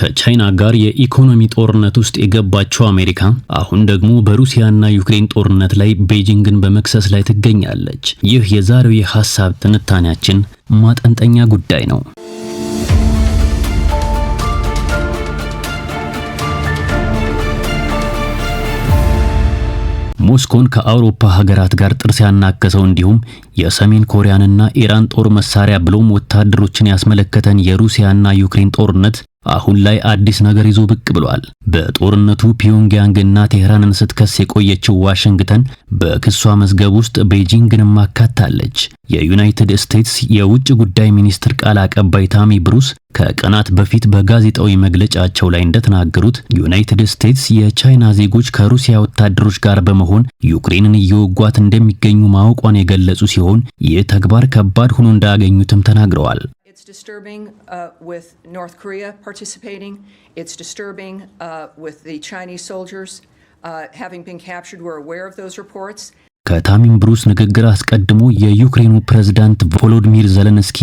ከቻይና ጋር የኢኮኖሚ ጦርነት ውስጥ የገባቸው አሜሪካ አሁን ደግሞ በሩሲያና ዩክሬን ጦርነት ላይ ቤጂንግን በመክሰስ ላይ ትገኛለች። ይህ የዛሬው የሐሳብ ትንታኔያችን ማጠንጠኛ ጉዳይ ነው። ሞስኮን ከአውሮፓ ሀገራት ጋር ጥርስ ያናከሰው እንዲሁም የሰሜን ኮሪያንና ኢራን ጦር መሳሪያ ብሎም ወታደሮችን ያስመለከተን የሩሲያና ዩክሬን ጦርነት አሁን ላይ አዲስ ነገር ይዞ ብቅ ብሏል። በጦርነቱ ፒዮንግያንግና ቴህራንን ስትከስ የቆየችው ዋሽንግተን በክሷ መዝገብ ውስጥ ቤጂንግን ማካታለች። የዩናይትድ ስቴትስ የውጭ ጉዳይ ሚኒስትር ቃል አቀባይ ታሚ ብሩስ ከቀናት በፊት በጋዜጣዊ መግለጫቸው ላይ እንደተናገሩት ዩናይትድ ስቴትስ የቻይና ዜጎች ከሩሲያ ወታደሮች ጋር በመሆን ዩክሬንን እየወጓት እንደሚገኙ ማወቋን የገለጹ ሲሆን ይህ ተግባር ከባድ ሆኖ እንዳያገኙትም ተናግረዋል። It's disturbing uh, with North Korea participating. It's disturbing uh, with the Chinese soldiers uh, having been captured. We're aware of those reports. ከታሚም ብሩስ ንግግር አስቀድሞ የዩክሬኑ ፕሬዝዳንት ቮሎዲሚር ዘለንስኪ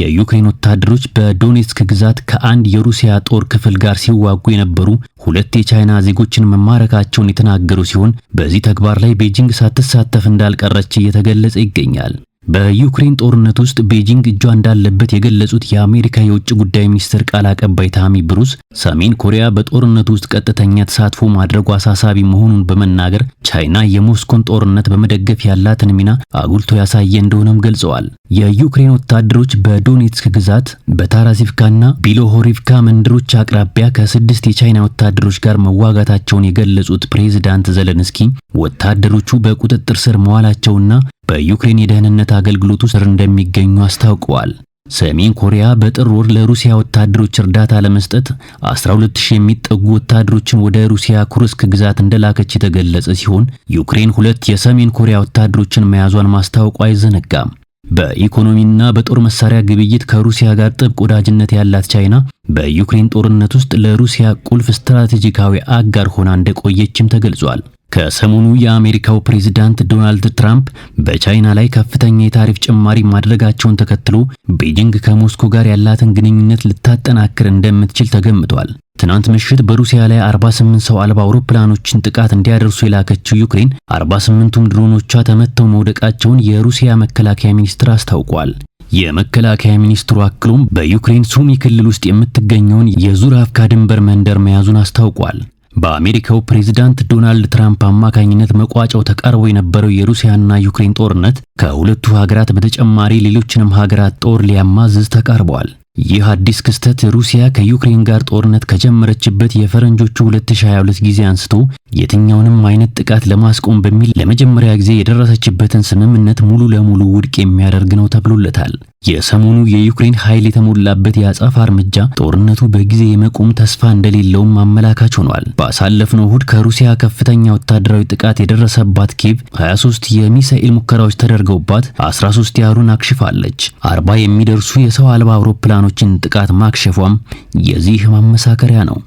የዩክሬን ወታደሮች በዶኔትስክ ግዛት ከአንድ የሩሲያ ጦር ክፍል ጋር ሲዋጉ የነበሩ ሁለት የቻይና ዜጎችን መማረካቸውን የተናገሩ ሲሆን በዚህ ተግባር ላይ ቤጂንግ ሳትሳተፍ እንዳልቀረች እየተገለጸ ይገኛል። በዩክሬን ጦርነት ውስጥ ቤጂንግ እጇ እንዳለበት የገለጹት የአሜሪካ የውጭ ጉዳይ ሚኒስትር ቃል አቀባይ ታሚ ብሩስ ሰሜን ኮሪያ በጦርነቱ ውስጥ ቀጥተኛ ተሳትፎ ማድረጉ አሳሳቢ መሆኑን በመናገር ቻይና የሞስኮን ጦርነት በመደገፍ ያላትን ሚና አጉልቶ ያሳየ እንደሆነም ገልጸዋል። የዩክሬን ወታደሮች በዶኔትስክ ግዛት በታራሲፍካና ቢሎሆሪፍካ መንደሮች አቅራቢያ ከስድስት የቻይና ወታደሮች ጋር መዋጋታቸውን የገለጹት ፕሬዝዳንት ዘለንስኪ ወታደሮቹ በቁጥጥር ስር መዋላቸውና በዩክሬን የደህንነት አገልግሎቱ ስር እንደሚገኙ አስታውቀዋል። ሰሜን ኮሪያ በጥር ወር ለሩሲያ ወታደሮች እርዳታ ለመስጠት 12000 የሚጠጉ ወታደሮችን ወደ ሩሲያ ኩርስክ ግዛት እንደላከች የተገለጸ ሲሆን ዩክሬን ሁለት የሰሜን ኮሪያ ወታደሮችን መያዟን ማስታወቋ አይዘነጋም። በኢኮኖሚና በጦር መሳሪያ ግብይት ከሩሲያ ጋር ጥብቅ ወዳጅነት ያላት ቻይና በዩክሬን ጦርነት ውስጥ ለሩሲያ ቁልፍ ስትራቴጂካዊ አጋር ሆና እንደቆየችም ተገልጿል። ከሰሞኑ የአሜሪካው ፕሬዝዳንት ዶናልድ ትራምፕ በቻይና ላይ ከፍተኛ የታሪፍ ጭማሪ ማድረጋቸውን ተከትሎ ቤጂንግ ከሞስኮ ጋር ያላትን ግንኙነት ልታጠናክር እንደምትችል ተገምቷል። ትናንት ምሽት በሩሲያ ላይ 48 ሰው አልባ አውሮፕላኖችን ጥቃት እንዲያደርሱ የላከችው ዩክሬን 48ቱም ድሮኖቿ ተመተው መውደቃቸውን የሩሲያ መከላከያ ሚኒስትር አስታውቋል። የመከላከያ ሚኒስትሩ አክሎም በዩክሬን ሱሚ ክልል ውስጥ የምትገኘውን የዙራፍካ ድንበር መንደር መያዙን አስታውቋል። በአሜሪካው ፕሬዝዳንት ዶናልድ ትራምፕ አማካኝነት መቋጫው ተቃርቦ የነበረው የሩሲያና ዩክሬን ጦርነት ከሁለቱ ሀገራት በተጨማሪ ሌሎችንም ሀገራት ጦር ሊያማዝዝ ተቃርቧል። ይህ አዲስ ክስተት ሩሲያ ከዩክሬን ጋር ጦርነት ከጀመረችበት የፈረንጆቹ 2022 ጊዜ አንስቶ የትኛውንም አይነት ጥቃት ለማስቆም በሚል ለመጀመሪያ ጊዜ የደረሰችበትን ስምምነት ሙሉ ለሙሉ ውድቅ የሚያደርግ ነው ተብሎለታል። የሰሞኑ የዩክሬን ኃይል የተሞላበት የአጸፋ እርምጃ ጦርነቱ በጊዜ የመቆም ተስፋ እንደሌለውም አመላካች ሆኗል። ባሳለፍነው እሁድ ከሩሲያ ከፍተኛ ወታደራዊ ጥቃት የደረሰባት ኪቭ 23 የሚሳኤል ሙከራዎች ተደርገውባት 13 ያህሉን አክሽፋለች። 40 የሚደርሱ የሰው አልባ አውሮፕላኖችን ጥቃት ማክሸፏም የዚህ ማመሳከሪያ ነው።